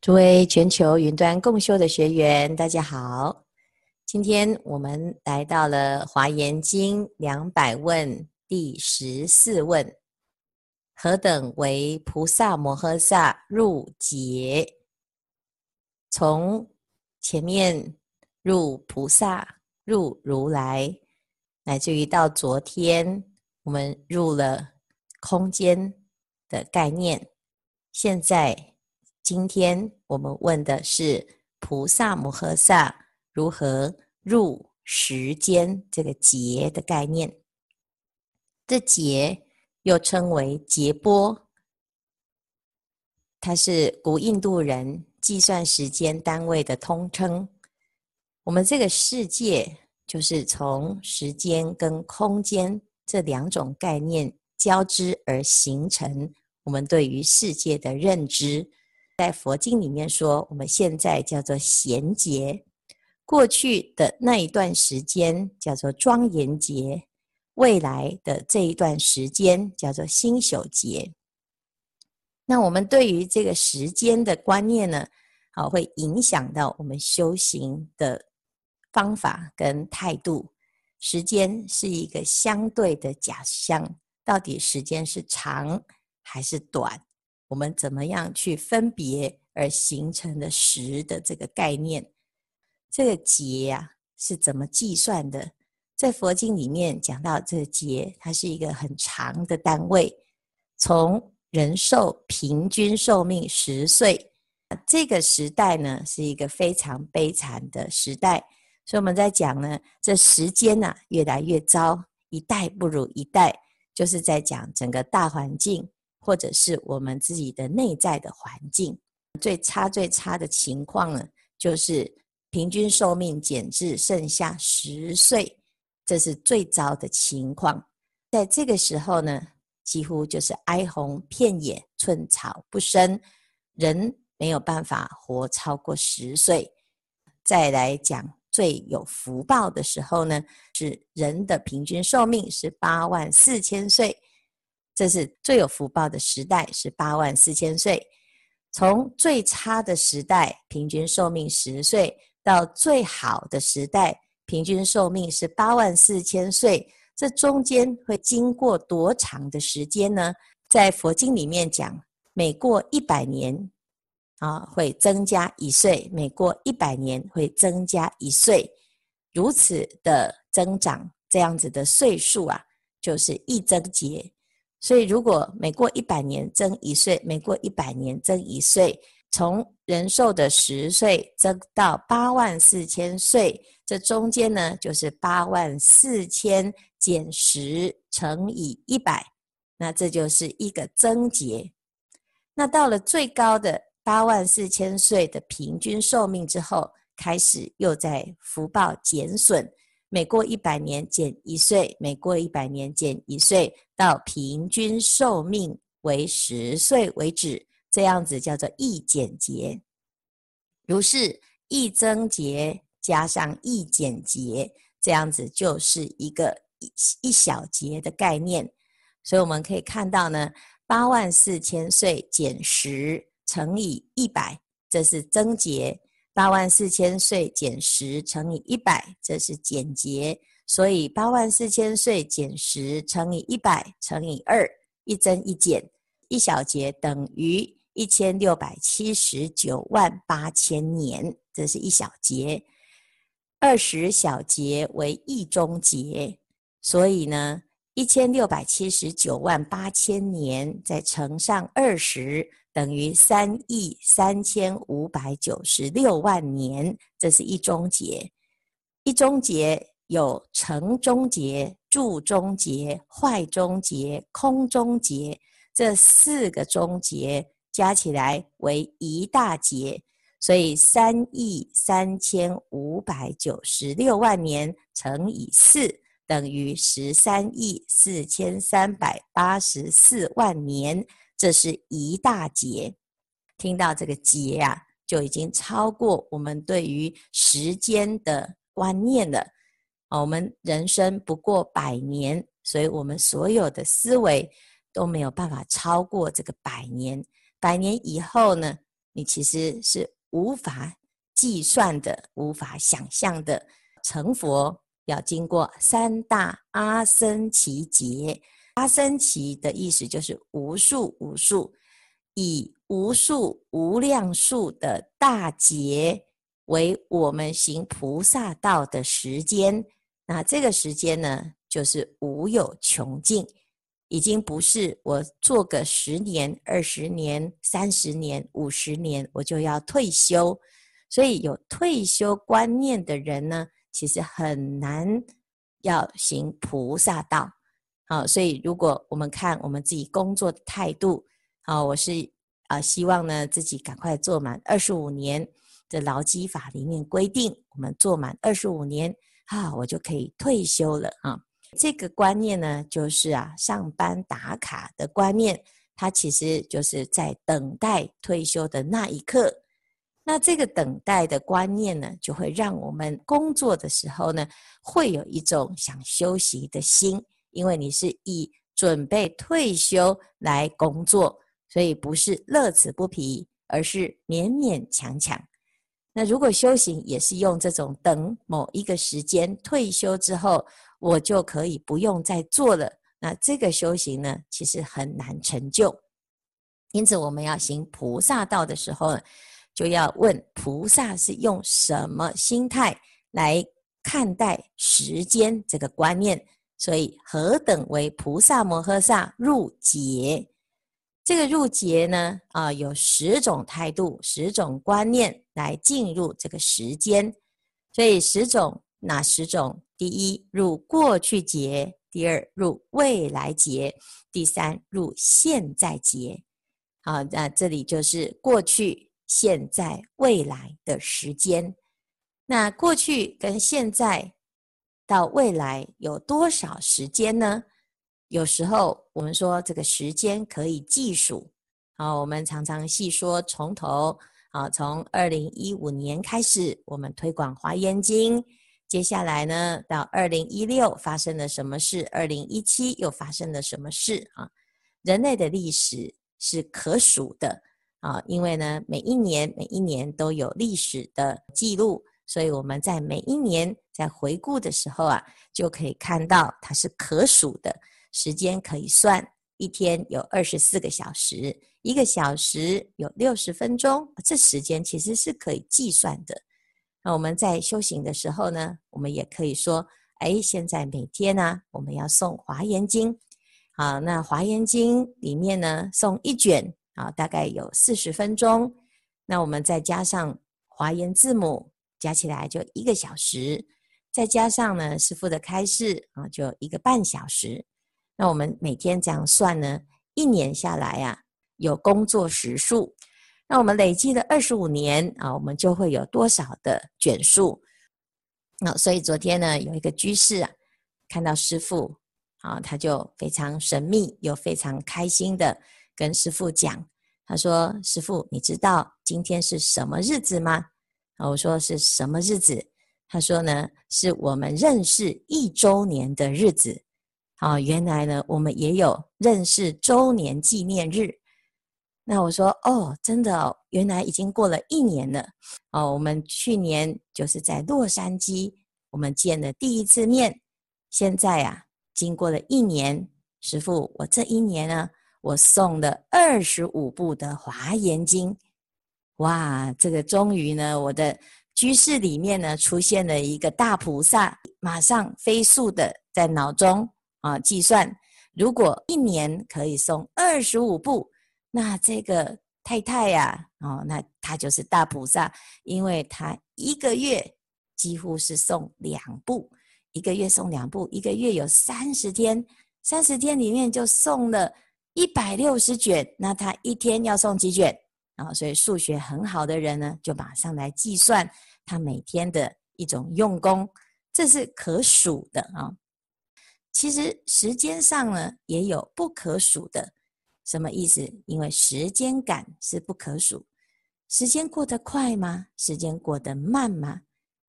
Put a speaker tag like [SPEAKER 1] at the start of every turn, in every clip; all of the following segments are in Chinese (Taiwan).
[SPEAKER 1] 諸位全球雲端共修的學員，大家好！今天我們來到了《華嚴經200》兩百問第十四問：何等為菩薩摩訶薩入劫？從前面入菩薩、入如來，乃至於到昨天，我們入了空間的概念，現在。今天我們問的是菩薩摩訶薩如何入時間這個劫的概念。這劫又稱為劫波，它是古印度人計算時間單位的通稱。我們這個世界就是從時間跟空間這兩種概念交織而形成我們對於世界的認知。在佛經裡面說，我們現在叫做賢劫，過去的那一段時間叫做莊嚴劫，未來的這一段時間叫做星宿劫。那我們對於這個時間的觀念呢，啊，會影響到我們修行的方法跟態度。時間是一個相對的假象，到底時間是長還是短？我們怎麼樣去分別而形成的十的這個概念？這個劫呀、啊、是怎麼計算的？在佛經裡面講到，這個劫，它是一個很長的單位，從人壽平均壽命十歲，這個時代呢是一個非常悲慘的時代。所以我們在講呢，這時間啊越來越糟，一代不如一代，就是在講整個大環境。或者是我們自己的內在的環境，最差最差的情況呢，就是平均壽命減至剩下十歲，這是最糟的情況。在這個時候呢，幾乎就是哀鴻遍野，寸草不生，人沒有辦法活超過十歲。再來講最有福報的時候呢，是人的平均壽命是八萬四千歲。這是最有福報的時代，是八萬四千歲。從最差的時代，平均壽命十歲，到最好的時代，平均壽命是八萬四千歲。這中間會經過多長的時間呢？在佛經裡面講，每過一百年，啊，會增加一歲；每過一百年，會增加一歲。如此的增長，這樣子的歲數啊，就是一增劫。所以，如果每過一百年增一歲，每過一百年增一歲，從人壽的十歲增到八萬四千歲，這中間呢，就是八萬四千減十乘以一百，那這就是一個增劫。那到了最高的八萬四千歲的平均壽命之後，開始又在福報減損。每過一百年減一歲，每過一百年減一歲，到平均壽命為十歲為止，這樣子叫做一減劫。如是一增劫加上一減劫，這樣子就是一個一一小劫的概念。所以我們可以看到呢，八萬四千歲減十乘以一百，這是增劫。八萬四千歲減十乘以一百，這是減劫，所以八萬四千歲減十乘以一百乘以二，一增一減，一小劫等於一千六百七十九萬八千年，這是一小劫，二十小劫為一中劫，所以呢。一千六百七十九萬八千年再乘上二十，等於三億三千五百九十六萬年。這是一中劫。一中劫有成中劫、住中劫、壞中劫、空中劫這四個中劫，加起來為一大劫。所以三億三千五百九十六萬年乘以四。等於十三億四千三百八十四萬年，這是一大劫。聽到這個劫啊，就已經超過我們對於時間的觀念了。啊，我們人生不過百年，所以我們所有的思維都沒有辦法超過這個百年。百年以後呢，你其實是無法計算的，無法想象的。成佛。要經過三大阿僧祇劫，阿僧祇的意思就是無數無數，以無數無量數的大劫為我們行菩薩道的時間。那這個時間呢，就是無有窮盡，已經不是我做個十年、二十年、三十年、五十年我就要退休，所以有退休觀念的人呢，其實很難要行菩薩道，好、啊，所以如果我們看我們自己工作的態度，好、啊，我是啊，希望呢自己趕快做滿二十五年的勞基法裡面規定，我們做滿二十五年，哈、啊，我就可以退休了啊。這個觀念呢，就是啊，上班打卡的觀念，它其實就是在等待退休的那一刻。那這個等待的觀念呢，就會讓我們工作的時候呢，會有一種想休息的心，因為你是以準備退休來工作，所以不是樂此不疲，而是勉勉強強。那如果修行也是用這種等某一個時間退休之後，我就可以不用再做了，那這個修行呢，其實很難成就。因此，我們要行菩薩道的時候呢。就要問菩薩是用什麼心態來看待時間這個觀念，所以何等為菩薩摩訶薩入劫？這個入劫呢？啊，有十種態度、十種觀念來進入這個時間。所以十種哪十種？第一入過去劫，第二入未來劫，第三入現在劫。好，那這裡就是過去。現在、未來的時間，那過去跟現在到未來有多少時間呢？有時候我們說這個時間可以計數。好，我們常常細說從頭啊，從二零一五年開始，我們推廣華嚴經，接下來呢，到二零一六發生了什麼事？二零一七又發生了什麼事？啊，人類的歷史是可數的。啊，因為呢，每一年每一年都有歷史的記錄，所以我們在每一年在回顧的時候啊，就可以看到它是可數的，時間可以算，一天有二十四個小時，一個小時有六十分鐘，這時間其實是可以計算的。那我們在修行的時候呢，我們也可以說，哎，現在每天呢，啊，我們要誦《華嚴經》，好，那《華嚴經》裡面呢，誦一卷。啊，大概有四十分鐘，那我們再加上華嚴字母，加起來就一個小時，再加上呢，師父的開示啊，就一個半小時。那我們每天這樣算呢，一年下來啊，有工作時數。那我們累計的二十五年啊，我們就會有多少的卷數？那所以昨天呢，有一個居士啊，看到師父啊，他就非常神秘又非常開心的。跟師父講，他說：“師父，你知道今天是什麼日子嗎？”我說：“是什麼日子？”他說：“呢，是我們認識一周年的日子。哦”好，原來呢，我們也有認識周年紀念日。那我說：“哦，真的，哦，原來已經過了一年了。”哦，我們去年就是在洛杉磯，我們見了第一次面，現在呀，啊，經過了一年，師父，我這一年呢？我送了二十五部的華嚴經，哇！這個終於呢，我的居室裡面呢，出現了一個大菩薩，馬上飛速的在腦中啊計算：如果一年可以送二十五部，那這個太太呀、啊，哦、啊，那她就是大菩薩，因為她一個月幾乎是送兩部，一個月送兩部，一個月有三十天，三十天裡面就送了。一百六十卷，那他一天要誦幾卷啊、哦？所以數學很好的人呢，就馬上來計算他每天的一種用功，這是可數的啊、哦。其實時間上呢，也有不可數的，什麼意思？因為時間感是不可數。時間過得快嗎？時間過得慢嗎？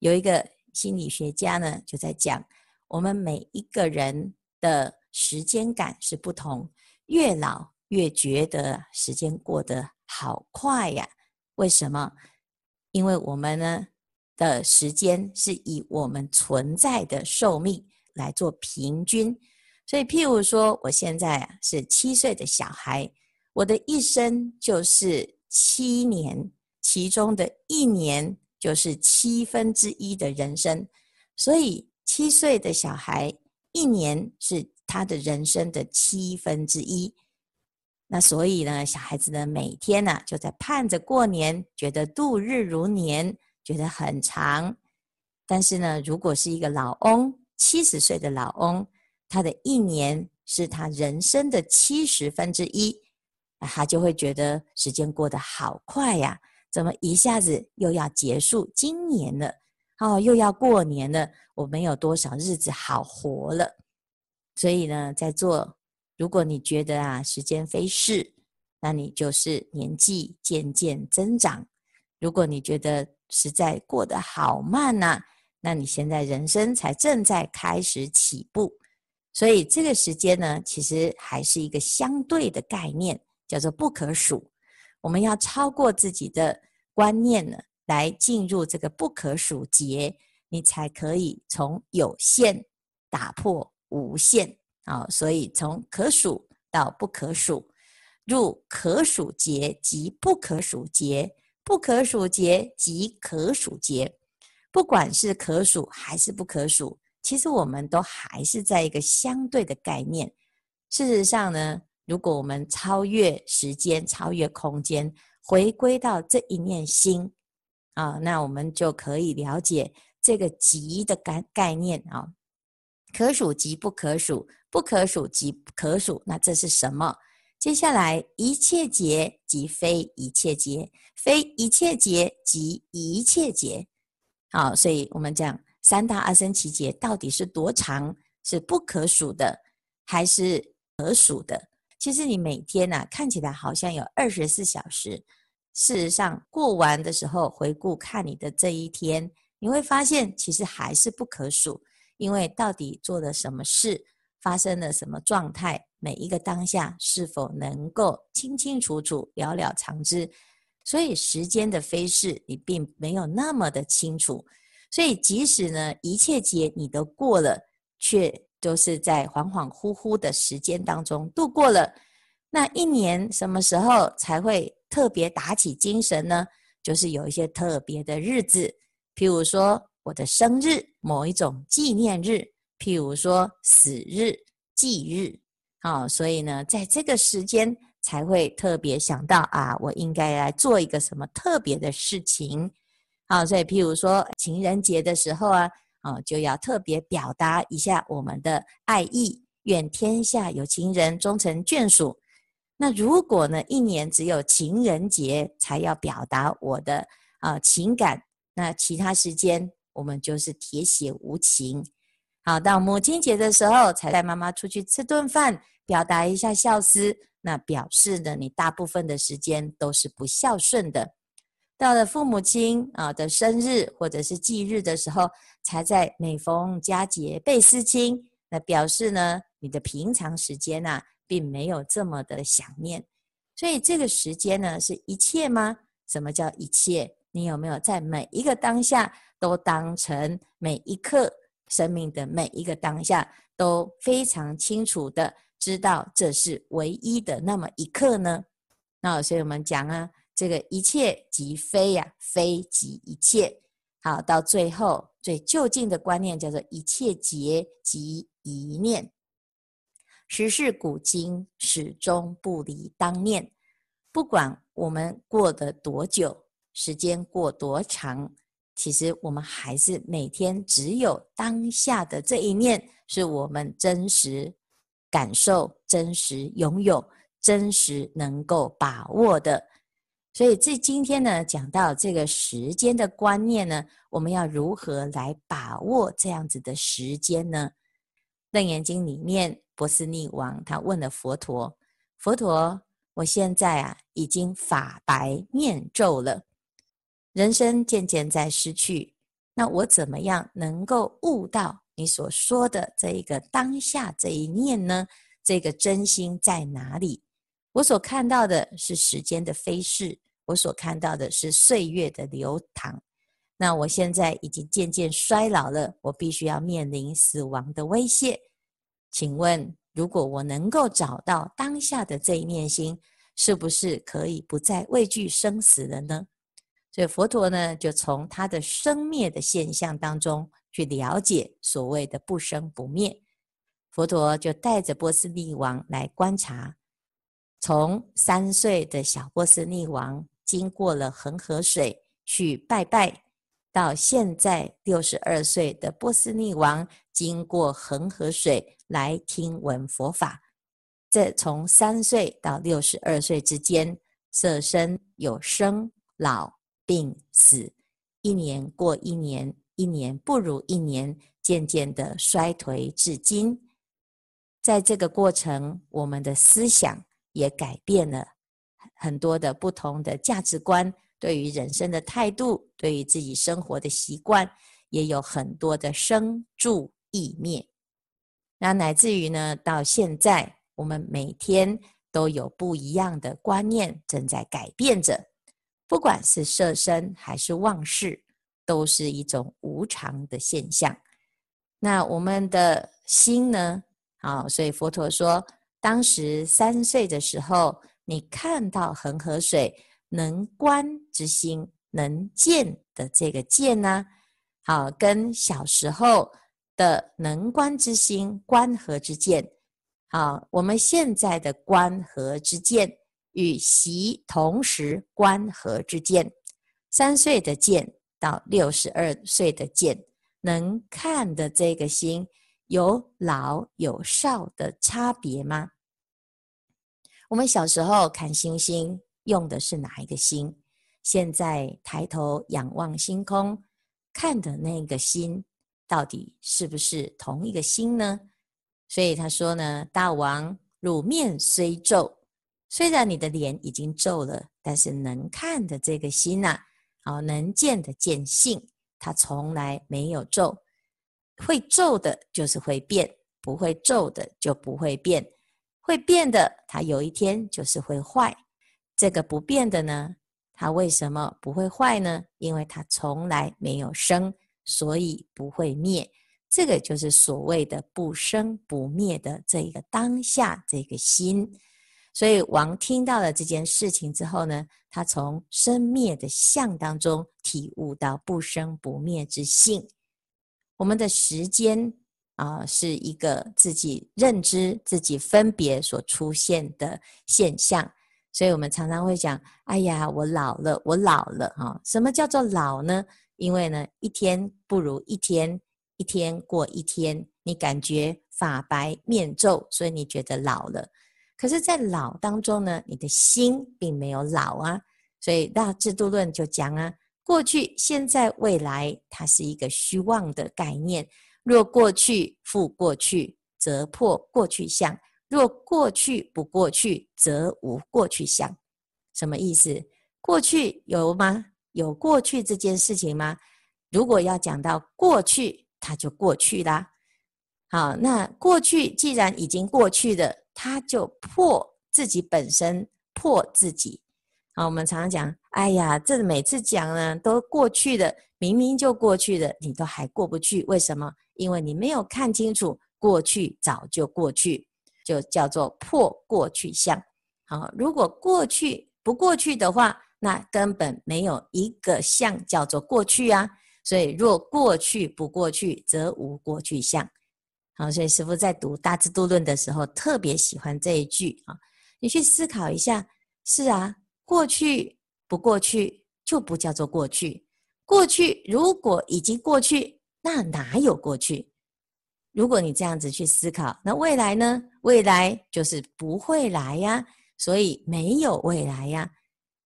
[SPEAKER 1] 有一個心理學家呢，就在講我們每一個人的時間感是不同。越老越覺得時間過得好快呀？為什麼？因為我們呢的時間是以我們存在的壽命來做平均，所以譬如說，我現在啊是七歲的小孩，我的一生就是七年，其中的一年就是七分之一的人生，所以七歲的小孩一年是。他的人生的七分之一，那所以呢，小孩子呢每天呢、啊、就在盼着過年，覺得度日如年，覺得很長。但是呢，如果是一個老翁，七十歲的老翁，他的一年是他人生的七十分之一，他就會覺得時間過得好快呀、啊！怎麼一下子又要結束今年了？哦，又要過年了，我們有多少日子好活了？所以呢，在做。如果你覺得啊，時間飛逝，那你就是年紀漸漸增長；如果你覺得實在過得好慢吶、啊，那你現在人生才正在開始起步。所以這個時間呢，其實還是一個相對的概念，叫做不可數。我們要超過自己的觀念呢，來進入這個不可數劫，你才可以從有限打破。無限啊、哦，所以從可數到不可數，入可數劫及不可數劫，不可數劫及可數劫，不管是可數還是不可數，其實我們都還是在一個相對的概念。事實上呢，如果我們超越時間、超越空間，回歸到這一念心啊、哦，那我們就可以了解這個劫的概概念啊。哦可數即不可數，不可數即可數，那這是什麼？接下來一切劫即非一切劫，非一切劫即一切劫。好，所以我們講三大阿僧祇劫到底是多長？是不可數的，還是可數的？其實你每天吶、啊，看起來好像有二十四小時，事實上過完的時候回顧看你的這一天，你會發現其實還是不可數。因為到底做了什麼事，發生了什麼狀態，每一個當下是否能夠清清楚楚、了了常知？所以時間的飛逝，你並沒有那麼的清楚。所以即使呢，一切劫你都過了，卻都是在恍恍惚惚的時間當中度過了。那一年什麼時候才會特別打起精神呢？就是有一些特別的日子，譬如說。我的生日，某一種紀念日，譬如說死日、忌日，好、哦，所以呢，在這個時間才會特別想到啊，我應該來做一個什麼特別的事情，好、哦，所以譬如說情人節的時候啊，啊、哦，就要特別表達一下我們的愛意，願天下有情人終成眷屬。那如果呢，一年只有情人節才要表達我的啊、呃、情感，那其他時間。我們就是鐵血無情，好，到母親節的時候才帶媽媽出去吃頓飯，表達一下孝思。那表示呢，你大部分的時間都是不孝順的。到了父母親啊的生日或者是忌日的時候，才在每逢佳節倍思親。那表示呢，你的平常時間啊，並沒有這麼的想念。所以這個時間呢，是一切嗎？什麼叫一切？你有沒有在每一個當下都當成每一刻生命的每一個當下都非常清楚地知道，這是唯一的那麼一刻呢？那所以我們講啊，這個一切即非呀、啊，非即一切。好，到最後最究竟的觀念叫做一切劫即一念，十世古今始終不離當念，不管我們過得多久，時間過多長，其實我們還是每天只有當下的這一念，是我們真實感受、真實擁有、真實能夠把握的。所以，這今天呢，講到這個時間的觀念呢，我們要如何來把握這樣子的時間呢？《楞嚴經》裡面，波斯匿王他問了佛陀：“佛陀，我現在啊，已經髮白面皺了。”人生漸漸在失去，那我怎麼樣能夠悟到你所說的這一個當下這一念呢？這個真心在哪裡？我所看到的是時間的飛逝，我所看到的是歲月的流淌。那我現在已經漸漸衰老了，我必須要面臨死亡的威脅。請問，如果我能夠找到當下的這一念心，是不是可以不再畏懼生死了呢？所以佛陀呢，就從他的生滅的現象當中去了解所謂的不生不滅。佛陀就帶着波斯匿王來觀察，從三歲的小波斯匿王經過了恆河水去拜拜，到現在六十二歲的波斯匿王經過恆河水來聽聞佛法。這從三歲到六十二歲之間，色身有生老病死，一年過一年，一年不如一年，漸漸的衰退至今。在這個過程，我們的思想也改變了很多的不同的價值觀，對於人生的態度，對於自己生活的習慣，也有很多的生住異滅。那乃至於呢，到現在，我們每天都有不一樣的觀念正在改變着。不管是色身還是忘事，都是一種無常的現象。那我們的心呢？好，所以佛陀說，當時三歲的時候，你看到恆河水，能觀之心，能見的這個見呢？好，跟小時候的能觀之心、觀河之見，好，我們現在的觀河之見。與昔同時觀河之見，三歲的見到六十二歲的見，能看的這個心，有老有少的差別嗎？我們小時候看星星用的是哪一個星？現在抬頭仰望星空看的那個星，到底是不是同一個星呢？所以他說呢：“大王，汝面雖皺。”雖然你的臉已經皺了，但是能看的這個心吶，哦，能見的見性，它從來沒有皺。會皺的，就是會變；不會皺的，就不會變。會變的，它有一天就是會壞。這個不變的呢，它為什麼不會壞呢？因為它從來沒有生，所以不會滅。這個就是所謂的不生不滅的這一個當下這個心。所以王聽到了這件事情之後呢，他從生滅的相當中體悟到不生不滅之性。我們的時間啊、呃，是一個自己認知、自己分別所出現的現象。所以我們常常會講：“哎呀，我老了，我老了啊！”什麼叫做老呢？因為呢，一天不如一天，一天過一天，你感覺髮白面皺，所以你覺得老了。可是，在老當中呢，你的心並沒有老啊，所以大智度論就講啊，過去、現在、未來，它是一個虛妄的概念。若過去復過去，則破過去相；若過去不過去，則無過去相。什麼意思？過去有嗎？有過去這件事情嗎？如果要講到過去，它就過去啦。好，那過去既然已經過去的，他就破自己本身，破自己。好，我們常常講，哎呀，這每次講呢，都過去的，明明就過去的，你都還過不去，為什麼？因為你沒有看清楚，過去早就過去，就叫做破過去相。好，如果過去不過去的話，那根本沒有一個相叫做過去啊。所以，若過去不過去，則無過去相。啊，所以師父在讀《大智度論》的時候特別喜歡這一句啊。你去思考一下，是啊，過去不過去就不叫做過去。過去如果已經過去，那哪有過去？如果你這樣子去思考，那未來呢？未來就是不會來呀、啊，所以沒有未來呀、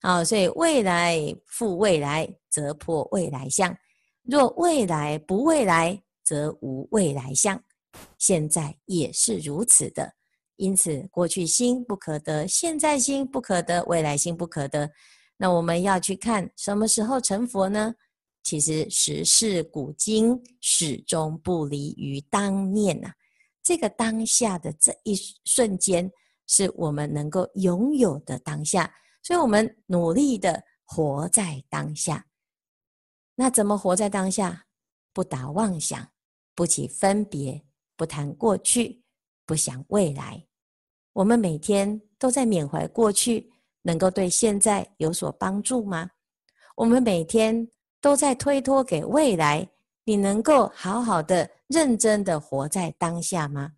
[SPEAKER 1] 啊。好，所以未來復未來，則破未來相；若未來不未來，則無未來相。現在也是如此的，因此過去心不可得，現在心不可得，未來心不可得。那我們要去看什麼時候成佛呢？其實十世古今始終不離於當念吶、啊。這個當下的這一瞬間，是我們能夠擁有的當下。所以，我們努力的活在當下。那怎麼活在當下？不打妄想，不起分別。不談過去，不想未來，我們每天都在緬懷過去，能夠對現在有所幫助嗎？我們每天都在推脫給未來，你能夠好好的、認真的活在當下嗎？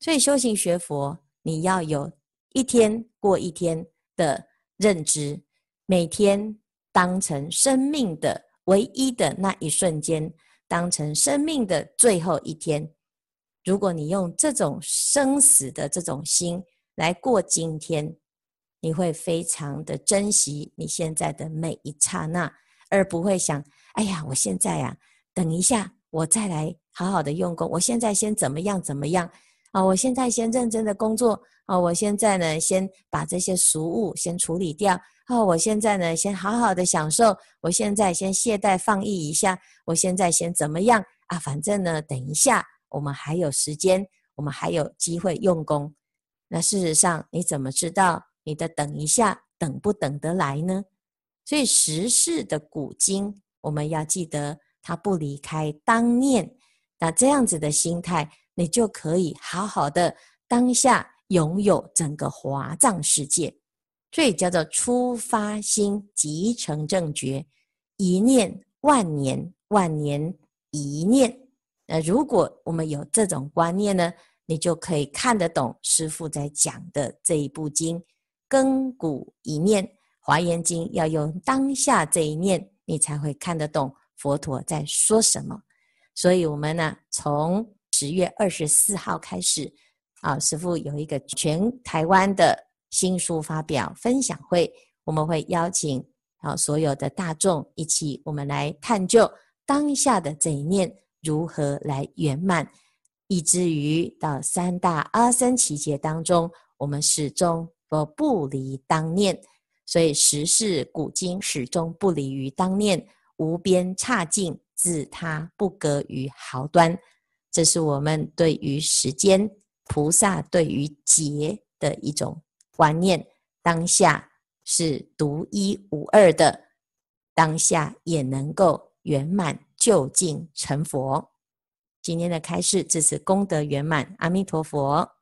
[SPEAKER 1] 所以修行學佛，你要有一天過一天的認知，每天當成生命的唯一的那一瞬間，當成生命的最後一天。如果你用這種生死的這種心來過今天，你會非常的珍惜你現在的每一剎那，而不會想：哎呀，我現在呀、啊，等一下我再來好好的用功。我現在先怎麼樣怎麼樣？啊，我現在先認真的工作啊，我現在呢先把這些俗務先處理掉啊，我現在呢先好好的享受，我現在先懈怠放逸一下，我現在先怎麼樣啊？反正呢，等一下。我們還有時間，我們還有機會用功。那事實上，你怎麼知道你的等一下等不等得來呢？所以十世的古今，我們要記得，它不離開當念。那這樣子的心態，你就可以好好的當下擁有整個華藏世界。所以叫做初發心即成正覺，一念萬年，萬年一念。那如果我們有這種觀念呢，你就可以看得懂師父在講的這一部經《亙古一念》華嚴經，要用當下這一念，你才會看得懂佛陀在說什麼。所以，我們呢，從十月二十四號開始，啊，師父有一個全台灣的新書發表分享會，我們會邀請啊所有的大眾一起，我們來探究當下的這一念。如何來圓滿？以至於到三大阿僧祇劫當中，我們始終不不離當念，所以十世古今始終不離於當念，無邊剎境自他不隔於毫端。這是我們對於時間菩薩對於劫的一種觀念，當下是獨一無二的，當下也能夠圓滿。就近成佛。今天的開示至此功德圓滿，阿彌陀佛。